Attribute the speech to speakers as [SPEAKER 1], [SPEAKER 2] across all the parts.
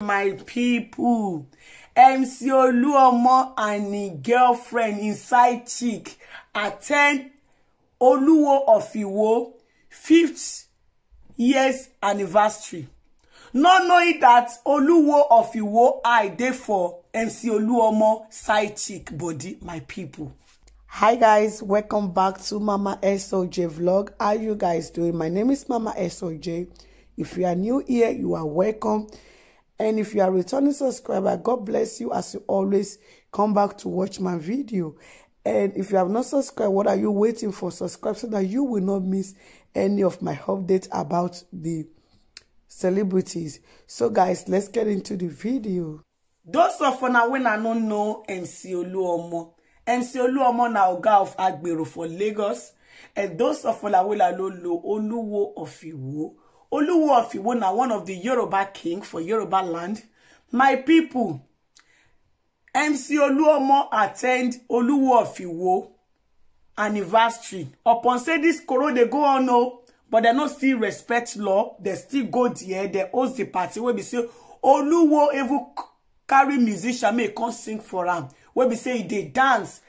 [SPEAKER 1] my people mc oluomo and him girlfriend inside chick attend oluwo of iwo fifth years anniversary not knowing that oluwo of iwo eye dey for mc oluomo side chick body my people hi guys welcome back to mama soj vlog how you guys doing my name is mama soj if you are new here you are welcome And if you are a returning subscriber, God bless you as you always come back to watch my video. And if you have not subscribed, what are you waiting for? Subscribe so that you will not miss any of my updates about the celebrities. So guys, let's get into the video. Those of una when I don't know MC Oluomo. MC Oluomo na oga of Agbero for Lagos. And those of una when I don't know Oluwo of Iwo. Oluwo of Iwona, one of the Yoruba king for Yoruba land. My people, MC Oluomo attend Oluwo of Iwo anniversary. Upon say this coro they go on no, oh, but they not still respect law. They still go there. They host the party where we say Oluwo even carry musician may come sing for am. Where we say they dance.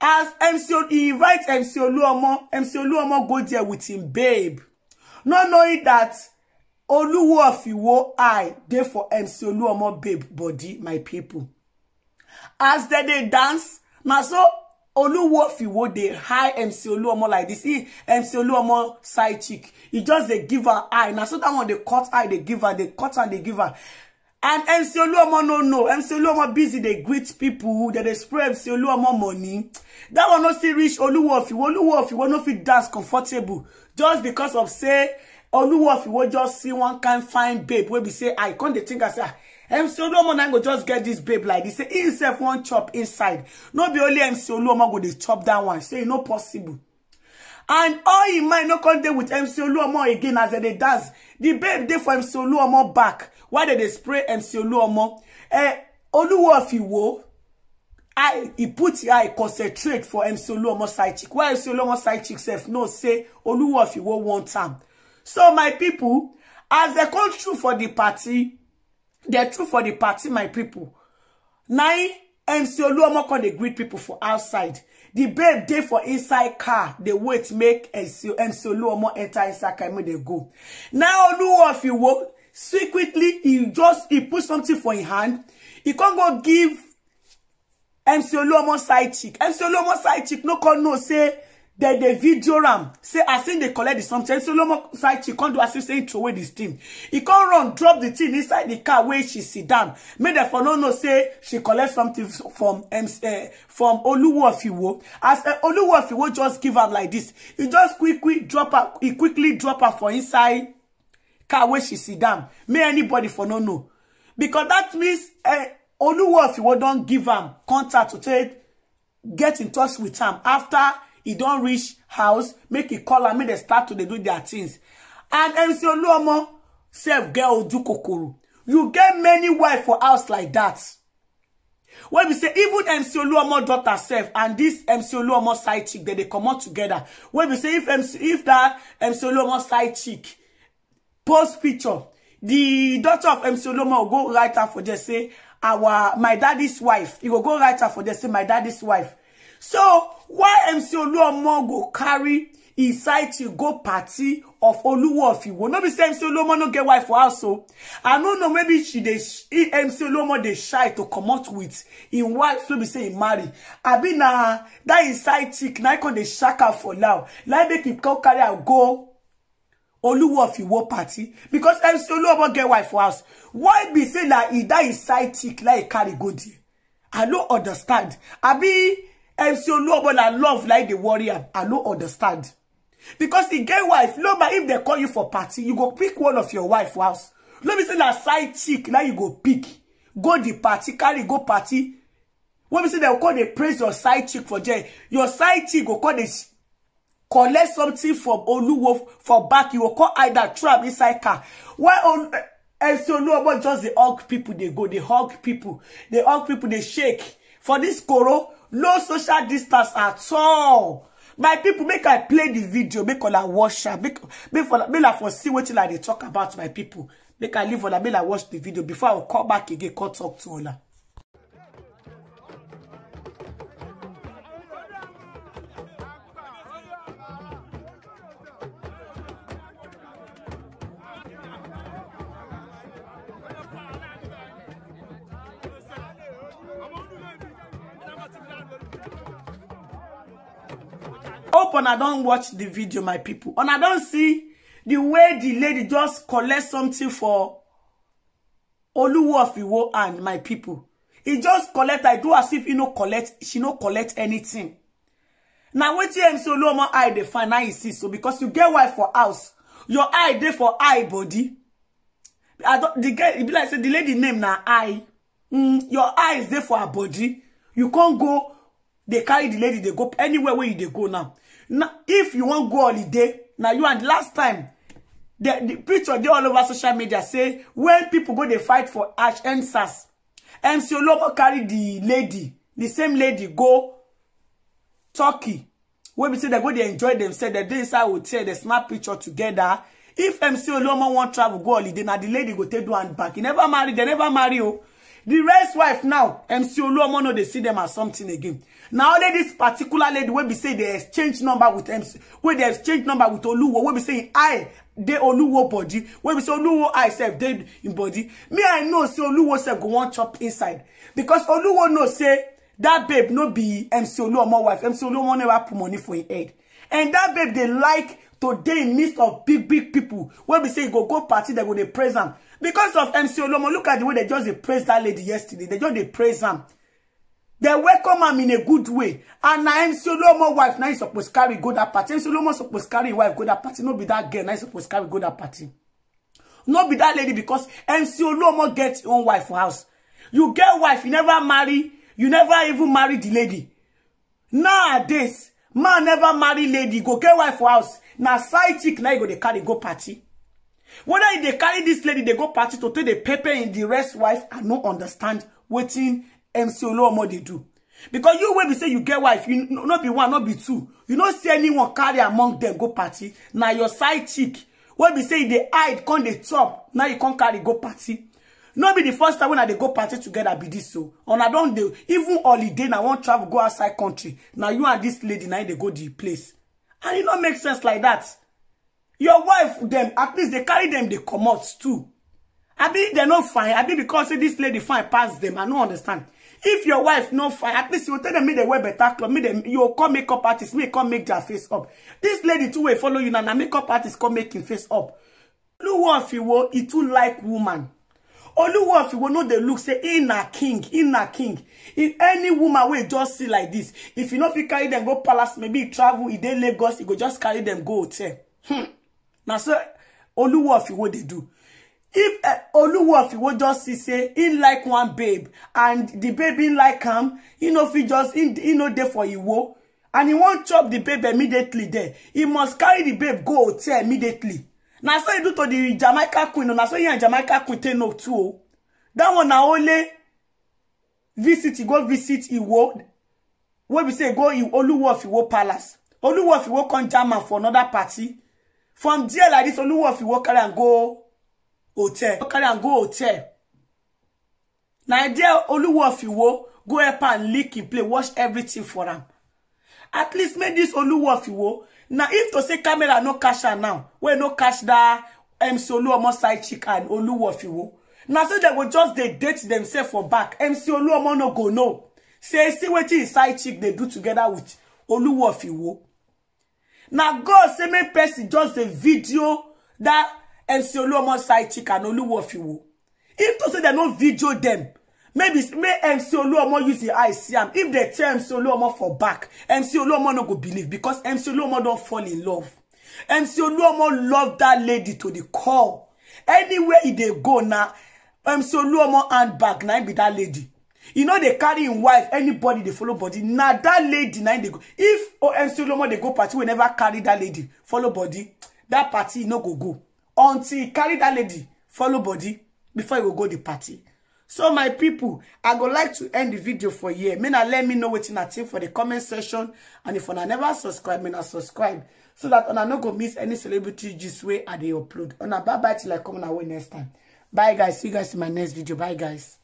[SPEAKER 1] As MC he invites MC Oluomo, MC Oluomo go there with him babe not knowing that Oluwo of Iwo I dey for MC Oluomo babe body my people as they they dance na so Oluwo of Iwo dey high MC Oluomo like this he MC Oluomo side chick He just they give her eye na so that one dey cut eye they give her dey cut and they give her and mc oluomo no no mc oluomo busy they greet people they they spray mc oluomo money that one no still rich Oluwafi Oluwafi oluwo ofiwo fit dance comfortable just because of say Oluwafi will just see one kind fine babe where we say i can't dey think I say ah, mc oluomo now go just get this babe like this say himself wan chop inside no be only mc oluomo go dey chop that one say e no possible and all in mind no come there with mc oluomo again as they dey dance di babe dey for mc oluomo back Why did they spray mc oluomo eh oluwo you iwo I, he put eye concentrate for mc oluomo side chick while mc oluomo side chick sef know say oluwo of iwo want am so my people, as they come through for the party they're through for the party my people. na mc oluomoko dey greet people for outside The babe day for inside car They wait make mc oluomo enter inside car make they go now if walk secretly he just he put something for his hand he can't go give mc oluomo side chick mc oluomo side chick no con no say dem dey video ram say as im dey collect di something solomo side she can't do as if say im throw away di thing He can't run drop the thing inside the car where she sit down May the phone no say she collect something from um, eh, from oluwo of iwo as eh, oluwo of iwo just give am like this, he just quick quick drop her He quickly drop her for inside car where she sit down May anybody for no know because that means eh, oluwo of iwo don give am contact to take get in touch with him after He don't reach house make he call am make they start to they do their things and mc oluomo sef girl do kokoro you get many wife for house like that. When we say even mc oluomo daughter sef and this mc oluomo side chick they come out together. When we say if MC, if that mc oluomo side chick post picture the daughter of mc oluomo go write her for there say our my daddy's wife He go go write her for there say my daddy's wife So why MC Oluomo go carry inside to go party of Oluwo of Iwo? No be say MC Oluomo no get wife for house o. I no know maybe she dey MC Oluomo they shy to comot with in wife So be say im marry. be na that inside chick na come dey shaka for now. Like make him come carry am go Oluwo of Iwo party because MC Oluomo get wife for house. Why be say that he that inside chick like carry go there? I no understand. I be. MC Oluobola love like the warrior. I no understand. Because the gay wife, no matter if they call you for party, you go pick one of your wife house. Let me say that side chick, now you go pick. Go the party, carry go party. When me say they call they praise your side chick for jail, your side chick go call this collect something from Oluwo for back. You go call either trap inside car. Why on MC eh, about just the hug people they go, they hug people, they hug people, they shake. For this koro, no social distance at all my people make i play the video make I watch am make make i for see wetin i they talk about my people. make i leave ola make i watch the video before i go come back again Call talk to ola hope I don't watch the video my people I don't see the way the lady just collect something for Oluwo of Iwo and my people e just collect i do as if e no collect she no collect anything Now na wetin MC Oluomo eye dey find now you see so because you get wife for house your eye there for eye body i don't. the girl e be like say the lady name now. eye mm, your is there for her body you can't go They carry the lady They go anywhere where you dey go now Now, if you want go holiday now you and last time the the picture they all over social media say when people go they fight for ash answers. MC Olomo carry the lady the same lady go Turkey When we say they go they enjoy themselves the dey inside hotel the snap picture together if MC Olomo wan travel go holiday now the lady go take one back He never marry They never marry o. Oh the race wife now mc oluomo no dey see them as something again Now only this particular lady wey be say they exchange number with mc where they exchange number with oluwo wey be say I, they oluwo body where we say oluwo I self dead in body me i know say oluwo sef go one chop inside because oluwo no say that babe no be mc oluomo wife mc oluomo never put money for im head and that babe they like to dey in midst of big big people. Where we say go go party dem go dey present. Because of MC Olomo, look at the way they just they praise that lady yesterday. They just they praise him. They welcome him in a good way. And na MC Olomo wife, now he's supposed to carry go that party. MC Olomo supposed to carry wife go that party. No be that girl, now he's supposed to carry go that party. No be that lady because MC Olomo gets own wife for house. You get wife, you never marry, you never even marry the lady. Nowadays, man never marry lady, go get wife for house. Now side chick, now you go they carry go party whether e dey carry this lady they go party to take dey pepper in di rest wife i no understand Waiting mc oluomo they do because you wey be say you get wife you not be one not be two you no see anyone carry among them go party Now your side chick wey be say they hide come the top. now you come carry go party Not be the first time when i go party together. be dis o una don dey even holiday now wan travel go outside country Now you and this lady now they go the place and e no make sense like that your wife them at least they carry dem dey comot too I abi they're not fine I abi because say dis lady fine pass them. i no understand if your wife no fine at least you will tell them. make dem wear better cloth make dem you go come make up artist make come make their face up This lady too will follow you now na make up artist come make him face up oluwo you will it too like woman oluwo you will know dey look say in a king in a king if any woman will just see like this, if you no fit carry them go palace maybe e travel e dey lagos e go just carry them go hotel hmm na so oluwo of iwo dey do if oluwo of iwo just see say he like one babe and di baby like am he no fit just he no there for iwo and he won't chop the babe immediately there he must carry the babe go hotel immediately Now, so e do to the jamaica queen Now, so e and jamaica queen take no too o oh. dat one na only visit go visit iwo What we say go oluwo of iwo palace oluwo of iwo come jam for another party from there like this only Oluwa fi walk carry and go hotel Walk carry and go hotel na there Oluwa fi wo go help and lick him play Wash everything for am at least make this only Oluwa fi wo na if to say camera no catch am now wey no catch that MC Oluomo side chick and Oluwa fi wo na so dem go just dey date themselves for back MC Oluomo no go know say see wetin his side chick dey do together with Oluwa fi wo na god say make person just dey video that mc oluomo side chick and oluwofiwo if to say dem no video dem maybe make mc oluomo use im eye see am if dem tell mc oluomo for back mc oluomo no go believe because mc oluomo don fall in love mc oluomo love that lady to the core anywhere e dey go na mc oluomo handbag na im be that lady You know they carry in wife anybody they follow body na dat lady na im dey go if olomo they go party wey never carry that lady follow body That party e no go go until e carry that lady follow body before you go go the party so my people, i go like to end the video for here make na let me know what you think for the comment section and if una never subscribe make na subscribe so dat una no go miss any celebrity gist way i dey upload una bye bye till i come una away next time bye guys see you guys in my next video bye guys